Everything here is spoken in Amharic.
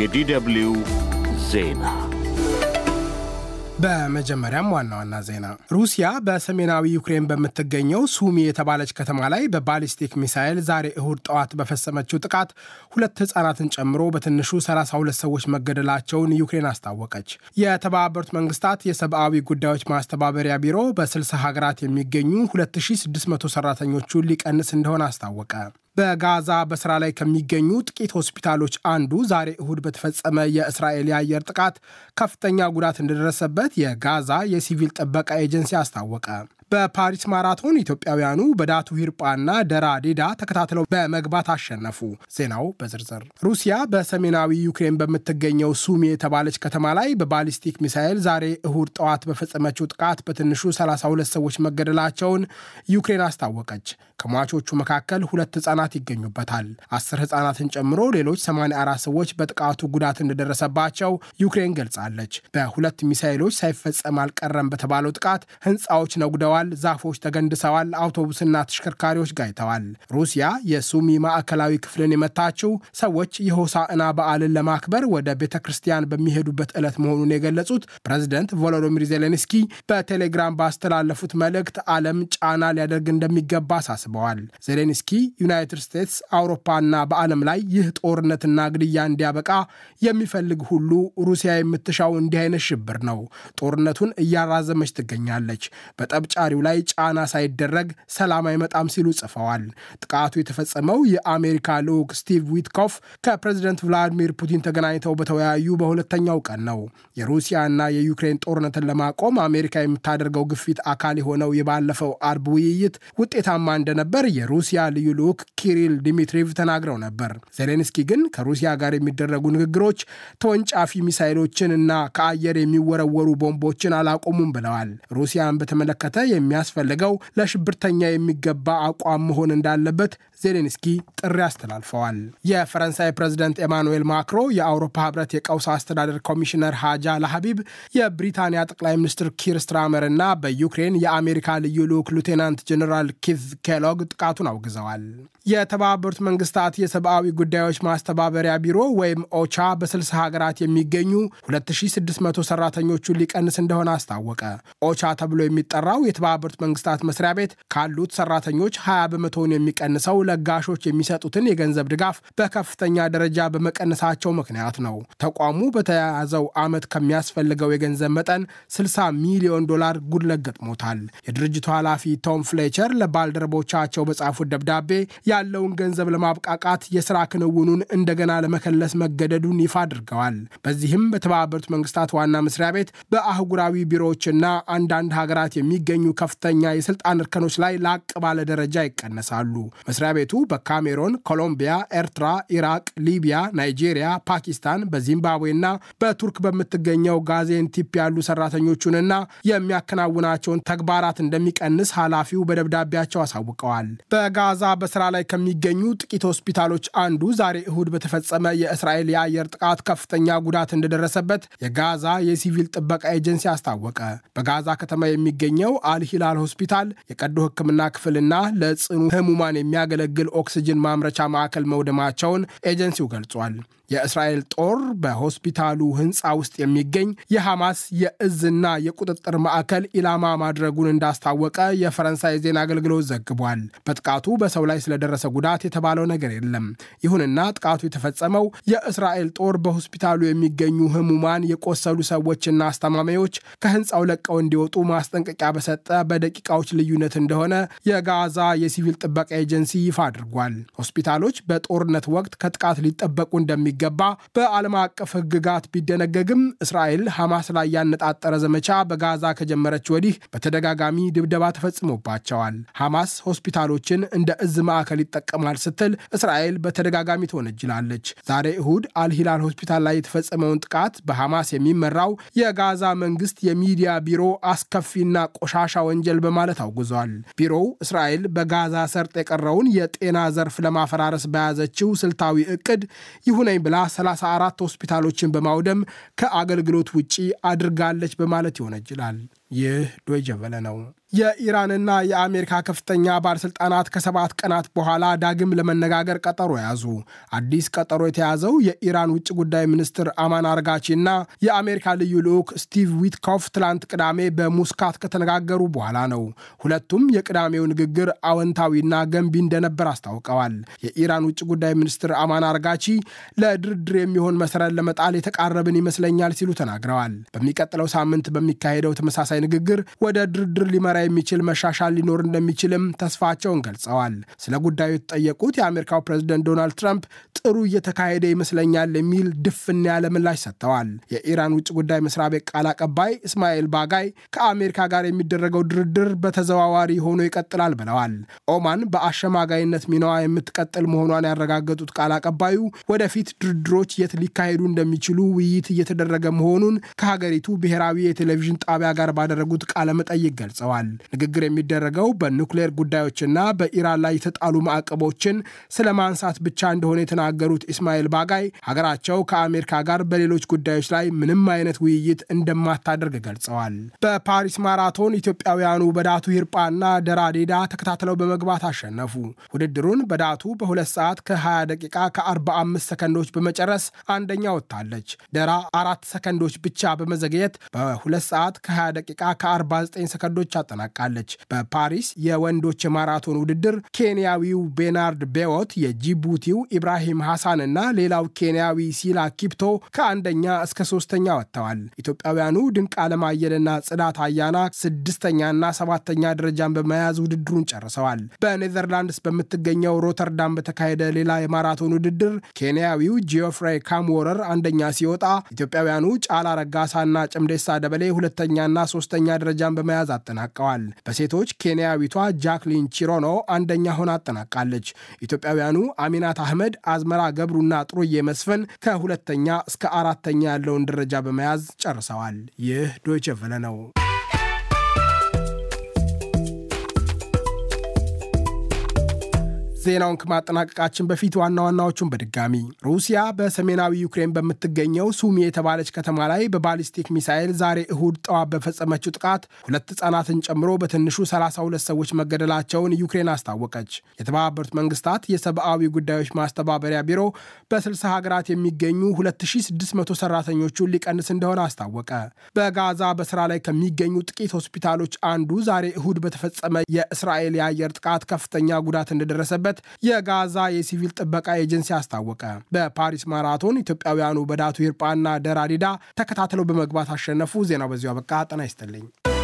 የዲደብልዩ ዜና በመጀመሪያም ዋና ዋና ዜና ሩሲያ በሰሜናዊ ዩክሬን በምትገኘው ሱሚ የተባለች ከተማ ላይ በባሊስቲክ ሚሳይል ዛሬ እሁድ ጠዋት በፈሰመችው ጥቃት ሁለት ህጻናትን ጨምሮ በትንሹ 32 ሰዎች መገደላቸውን ዩክሬን አስታወቀች። የተባበሩት መንግስታት የሰብአዊ ጉዳዮች ማስተባበሪያ ቢሮ በ60 ሀገራት የሚገኙ 2600 ሰራተኞቹን ሊቀንስ እንደሆነ አስታወቀ። በጋዛ በስራ ላይ ከሚገኙ ጥቂት ሆስፒታሎች አንዱ ዛሬ እሁድ በተፈጸመ የእስራኤል የአየር ጥቃት ከፍተኛ ጉዳት እንደደረሰበት የጋዛ የሲቪል ጥበቃ ኤጀንሲ አስታወቀ። በፓሪስ ማራቶን ኢትዮጵያውያኑ በዳቱ ሂርጳና ደራ ዴዳ ተከታትለው በመግባት አሸነፉ። ዜናው በዝርዝር ሩሲያ በሰሜናዊ ዩክሬን በምትገኘው ሱሚ የተባለች ከተማ ላይ በባሊስቲክ ሚሳኤል ዛሬ እሁድ ጠዋት በፈጸመችው ጥቃት በትንሹ 32 ሰዎች መገደላቸውን ዩክሬን አስታወቀች። ከሟቾቹ መካከል ሁለት ህጻናት ይገኙበታል። አስር ህጻናትን ጨምሮ ሌሎች 84 ሰዎች በጥቃቱ ጉዳት እንደደረሰባቸው ዩክሬን ገልጻለች። በሁለት ሚሳይሎች ሳይፈጸም አልቀረም በተባለው ጥቃት ህንፃዎች ነጉደዋል፣ ዛፎች ተገንድሰዋል፣ አውቶቡስና ተሽከርካሪዎች ጋይተዋል። ሩሲያ የሱሚ ማዕከላዊ ክፍልን የመታችው ሰዎች የሆሳዕና በዓልን ለማክበር ወደ ቤተ ክርስቲያን በሚሄዱበት ዕለት መሆኑን የገለጹት ፕሬዝደንት ቮሎዶሚር ዜሌንስኪ በቴሌግራም ባስተላለፉት መልእክት ዓለም ጫና ሊያደርግ እንደሚገባ አሳሰ አሳስበዋል። ዜሌንስኪ ዩናይትድ ስቴትስ፣ አውሮፓና በዓለም ላይ ይህ ጦርነትና ግድያ እንዲያበቃ የሚፈልግ ሁሉ ሩሲያ የምትሻው እንዲህ አይነት ሽብር ነው። ጦርነቱን እያራዘመች ትገኛለች። በጠብጫሪው ላይ ጫና ሳይደረግ ሰላም አይመጣም ሲሉ ጽፈዋል። ጥቃቱ የተፈጸመው የአሜሪካ ልዑክ ስቲቭ ዊትኮፍ ከፕሬዚደንት ቭላዲሚር ፑቲን ተገናኝተው በተወያዩ በሁለተኛው ቀን ነው። የሩሲያና የዩክሬን ጦርነትን ለማቆም አሜሪካ የምታደርገው ግፊት አካል የሆነው የባለፈው አርብ ውይይት ውጤታማ እንደ እንደነበር የሩሲያ ልዩ ልዑክ ኪሪል ዲሚትሪቭ ተናግረው ነበር። ዜሌንስኪ ግን ከሩሲያ ጋር የሚደረጉ ንግግሮች ተወንጫፊ ሚሳይሎችን እና ከአየር የሚወረወሩ ቦምቦችን አላቆሙም ብለዋል። ሩሲያን በተመለከተ የሚያስፈልገው ለሽብርተኛ የሚገባ አቋም መሆን እንዳለበት ዜሌንስኪ ጥሪ አስተላልፈዋል። የፈረንሳይ ፕሬዝደንት ኤማኑኤል ማክሮ፣ የአውሮፓ ህብረት የቀውስ አስተዳደር ኮሚሽነር ሃጃ ለሀቢብ፣ የብሪታንያ ጠቅላይ ሚኒስትር ኪር ስትራመር እና በዩክሬን የአሜሪካ ልዩ ልዑክ ሉቴናንት ጀኔራል ኪዝ ኬሎ ዲያሎግ ጥቃቱን አውግዘዋል። የተባበሩት መንግስታት የሰብአዊ ጉዳዮች ማስተባበሪያ ቢሮ ወይም ኦቻ በ60 ሀገራት የሚገኙ 2600 ሰራተኞቹን ሊቀንስ እንደሆነ አስታወቀ። ኦቻ ተብሎ የሚጠራው የተባበሩት መንግስታት መስሪያ ቤት ካሉት ሰራተኞች 20 በመቶውን የሚቀንሰው ለጋሾች የሚሰጡትን የገንዘብ ድጋፍ በከፍተኛ ደረጃ በመቀነሳቸው ምክንያት ነው። ተቋሙ በተያያዘው ዓመት ከሚያስፈልገው የገንዘብ መጠን 60 ሚሊዮን ዶላር ጉድለት ገጥሞታል። የድርጅቱ ኃላፊ ቶም ፍሌቸር ለባልደረቦች ለደንበኞቻቸው በጻፉት ደብዳቤ ያለውን ገንዘብ ለማብቃቃት የስራ ክንውኑን እንደገና ለመከለስ መገደዱን ይፋ አድርገዋል። በዚህም በተባበሩት መንግስታት ዋና መስሪያ ቤት በአህጉራዊ ቢሮዎችና አንዳንድ ሀገራት የሚገኙ ከፍተኛ የስልጣን እርከኖች ላይ ላቅ ባለ ደረጃ ይቀነሳሉ። መስሪያ ቤቱ በካሜሮን፣ ኮሎምቢያ፣ ኤርትራ፣ ኢራቅ፣ ሊቢያ፣ ናይጄሪያ፣ ፓኪስታን፣ በዚምባብዌና በቱርክ በምትገኘው ጋዜንቲፕ ያሉ ሰራተኞቹንና የሚያከናውናቸውን ተግባራት እንደሚቀንስ ኃላፊው በደብዳቤያቸው አሳውቀዋል። አስታውቀዋል። በጋዛ በስራ ላይ ከሚገኙ ጥቂት ሆስፒታሎች አንዱ ዛሬ እሁድ በተፈጸመ የእስራኤል የአየር ጥቃት ከፍተኛ ጉዳት እንደደረሰበት የጋዛ የሲቪል ጥበቃ ኤጀንሲ አስታወቀ። በጋዛ ከተማ የሚገኘው አልሂላል ሆስፒታል የቀዶ ሕክምና ክፍልና ለጽኑ ህሙማን የሚያገለግል ኦክስጅን ማምረቻ ማዕከል መውደማቸውን ኤጀንሲው ገልጿል። የእስራኤል ጦር በሆስፒታሉ ህንፃ ውስጥ የሚገኝ የሐማስ የእዝና የቁጥጥር ማዕከል ኢላማ ማድረጉን እንዳስታወቀ የፈረንሳይ ዜና አገልግሎት ዘግቧል። ተናግረዋል። በጥቃቱ በሰው ላይ ስለደረሰ ጉዳት የተባለው ነገር የለም። ይሁንና ጥቃቱ የተፈጸመው የእስራኤል ጦር በሆስፒታሉ የሚገኙ ህሙማን፣ የቆሰሉ ሰዎችና አስተማሚዎች ከህንፃው ለቀው እንዲወጡ ማስጠንቀቂያ በሰጠ በደቂቃዎች ልዩነት እንደሆነ የጋዛ የሲቪል ጥበቃ ኤጀንሲ ይፋ አድርጓል። ሆስፒታሎች በጦርነት ወቅት ከጥቃት ሊጠበቁ እንደሚገባ በዓለም አቀፍ ህግጋት ቢደነገግም እስራኤል ሐማስ ላይ ያነጣጠረ ዘመቻ በጋዛ ከጀመረች ወዲህ በተደጋጋሚ ድብደባ ተፈጽሞባቸዋል። ሐማስ ሆስፒታሎችን እንደ እዝ ማዕከል ይጠቀማል ስትል እስራኤል በተደጋጋሚ ትወነጅላለች። ዛሬ እሁድ አልሂላል ሆስፒታል ላይ የተፈጸመውን ጥቃት በሐማስ የሚመራው የጋዛ መንግስት የሚዲያ ቢሮ አስከፊና ቆሻሻ ወንጀል በማለት አውግዟል። ቢሮው እስራኤል በጋዛ ሰርጥ የቀረውን የጤና ዘርፍ ለማፈራረስ በያዘችው ስልታዊ እቅድ ይሁነኝ ብላ 34 ሆስፒታሎችን በማውደም ከአገልግሎት ውጪ አድርጋለች በማለት ይወነጅላል። ይህ ዶይቸ ቬለ ነው። የኢራንና የአሜሪካ ከፍተኛ ባለሥልጣናት ከሰባት ቀናት በኋላ ዳግም ለመነጋገር ቀጠሮ ያዙ። አዲስ ቀጠሮ የተያዘው የኢራን ውጭ ጉዳይ ሚኒስትር አማን አርጋቺና የአሜሪካ ልዩ ልዑክ ስቲቭ ዊትኮፍ ትላንት ቅዳሜ በሙስካት ከተነጋገሩ በኋላ ነው። ሁለቱም የቅዳሜው ንግግር አወንታዊና ገንቢ እንደነበር አስታውቀዋል። የኢራን ውጭ ጉዳይ ሚኒስትር አማን አርጋቺ ለድርድር የሚሆን መሰረት ለመጣል የተቃረብን ይመስለኛል ሲሉ ተናግረዋል። በሚቀጥለው ሳምንት በሚካሄደው ተመሳሳይ ተመሳሳይ ንግግር ወደ ድርድር ሊመራ የሚችል መሻሻል ሊኖር እንደሚችልም ተስፋቸውን ገልጸዋል። ስለ ጉዳዩ የተጠየቁት የአሜሪካው ፕሬዝደንት ዶናልድ ትራምፕ ጥሩ እየተካሄደ ይመስለኛል የሚል ድፍን ያለ ምላሽ ሰጥተዋል። የኢራን ውጭ ጉዳይ መስሪያ ቤት ቃል አቀባይ እስማኤል ባጋይ ከአሜሪካ ጋር የሚደረገው ድርድር በተዘዋዋሪ ሆኖ ይቀጥላል ብለዋል። ኦማን በአሸማጋይነት ሚናዋ የምትቀጥል መሆኗን ያረጋገጡት ቃል አቀባዩ ወደፊት ድርድሮች የት ሊካሄዱ እንደሚችሉ ውይይት እየተደረገ መሆኑን ከሀገሪቱ ብሔራዊ የቴሌቪዥን ጣቢያ ጋር ባደረጉት ቃለ መጠይቅ ገልጸዋል። ንግግር የሚደረገው በኒውክሌር ጉዳዮችና በኢራን ላይ የተጣሉ ማዕቀቦችን ስለ ማንሳት ብቻ እንደሆነ የተናገ የተናገሩት ኢስማኤል ባጋይ ሀገራቸው ከአሜሪካ ጋር በሌሎች ጉዳዮች ላይ ምንም አይነት ውይይት እንደማታደርግ ገልጸዋል። በፓሪስ ማራቶን ኢትዮጵያውያኑ በዳቱ ሂርጳና ደራ ዴዳ ተከታትለው በመግባት አሸነፉ። ውድድሩን በዳቱ በሁለት ሰዓት ከ20 ደቂቃ ከ45 ሰከንዶች በመጨረስ አንደኛ ወጥታለች። ደራ አራት ሰከንዶች ብቻ በመዘግየት በ2 ሰዓት ከ20 ደቂቃ ከ49 ሰከንዶች አጠናቃለች። በፓሪስ የወንዶች የማራቶን ውድድር ኬንያዊው ቤናርድ ቤዎት የጂቡቲው ኢብራሂም ኢብራሂም ሐሳን እና ሌላው ኬንያዊ ሲላ ኪፕቶ ከአንደኛ እስከ ሶስተኛ ወጥተዋል። ኢትዮጵያውያኑ ድንቅ አለማየልና ጽዳት አያና ስድስተኛና ሰባተኛ ደረጃን በመያዝ ውድድሩን ጨርሰዋል። በኔዘርላንድስ በምትገኘው ሮተርዳም በተካሄደ ሌላ የማራቶን ውድድር ኬንያዊው ጂኦፍሬ ካምወረር አንደኛ ሲወጣ ኢትዮጵያውያኑ ጫላ ረጋሳና ጭምዴሳ ደበሌ ሁለተኛና ሶስተኛ ደረጃን በመያዝ አጠናቀዋል። በሴቶች ኬንያዊቷ ጃክሊን ቺሮኖ አንደኛ ሆና አጠናቃለች። ኢትዮጵያውያኑ አሚናት አህመድ አዝ አዝመራ ገብሩና ጥሩዬ መስፍን ከሁለተኛ እስከ አራተኛ ያለውን ደረጃ በመያዝ ጨርሰዋል። ይህ ዶይቼ ቬለ ነው። ዜናውን ከማጠናቀቃችን በፊት ዋና ዋናዎቹን በድጋሚ ሩሲያ በሰሜናዊ ዩክሬን በምትገኘው ሱሚ የተባለች ከተማ ላይ በባሊስቲክ ሚሳኤል ዛሬ እሁድ ጠዋት በፈጸመችው ጥቃት ሁለት ህጻናትን ጨምሮ በትንሹ 32 ሰዎች መገደላቸውን ዩክሬን አስታወቀች። የተባበሩት መንግስታት የሰብአዊ ጉዳዮች ማስተባበሪያ ቢሮ በ60 ሀገራት የሚገኙ 2600 ሰራተኞቹን ሊቀንስ እንደሆነ አስታወቀ። በጋዛ በስራ ላይ ከሚገኙ ጥቂት ሆስፒታሎች አንዱ ዛሬ እሁድ በተፈጸመ የእስራኤል የአየር ጥቃት ከፍተኛ ጉዳት እንደደረሰበት እንደሚመረት የጋዛ የሲቪል ጥበቃ ኤጀንሲ አስታወቀ። በፓሪስ ማራቶን ኢትዮጵያውያኑ በዳቱ ይርጳና ደራዲዳ ተከታትለው በመግባት አሸነፉ። ዜናው በዚሁ አበቃ። ጤና ይስጥልኝ።